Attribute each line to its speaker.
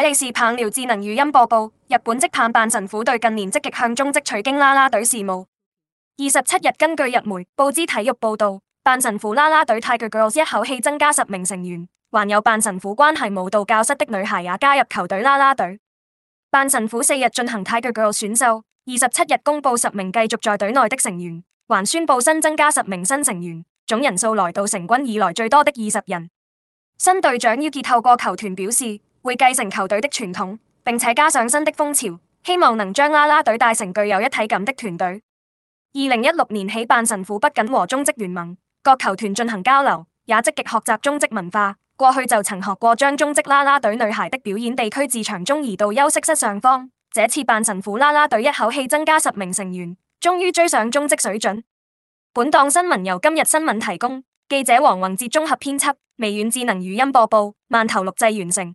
Speaker 1: 這裏是棒聊智能語音播報。日本職棒阪神虎隊近年積極向中職取經啦啦隊事務。二十七日根據日媒《報知體育》報道，阪神虎啦啦隊 Tiger Girls 一口氣增加十名成員，還有阪神虎關係舞蹈教室的女孩也加入球隊啦啦隊。阪神虎四日進行 Tiger Girls 選秀，二十七日公布十名繼續在隊內的成員，還宣布新增加十名新成員，總人數來到成軍以來最多的二十人。新隊長于杰透過球團表示。會繼承球隊的傳統，並且加上新的風潮，希望能將啦啦隊帶成具有一體感的團隊。二零一六年起，阪神虎不僅和中職聯盟各球團進行交流，也積極學習中職文化。過去就曾學過將中職啦啦隊女孩的表演地區自場中移到休息室上方。這次阪神虎啦啦隊一口氣增加十名成員，終於追上中職水準。本檔新聞由今日新聞提供，記者黃宏哲綜合編輯，微軟智能語音播報，慢頭錄製完成。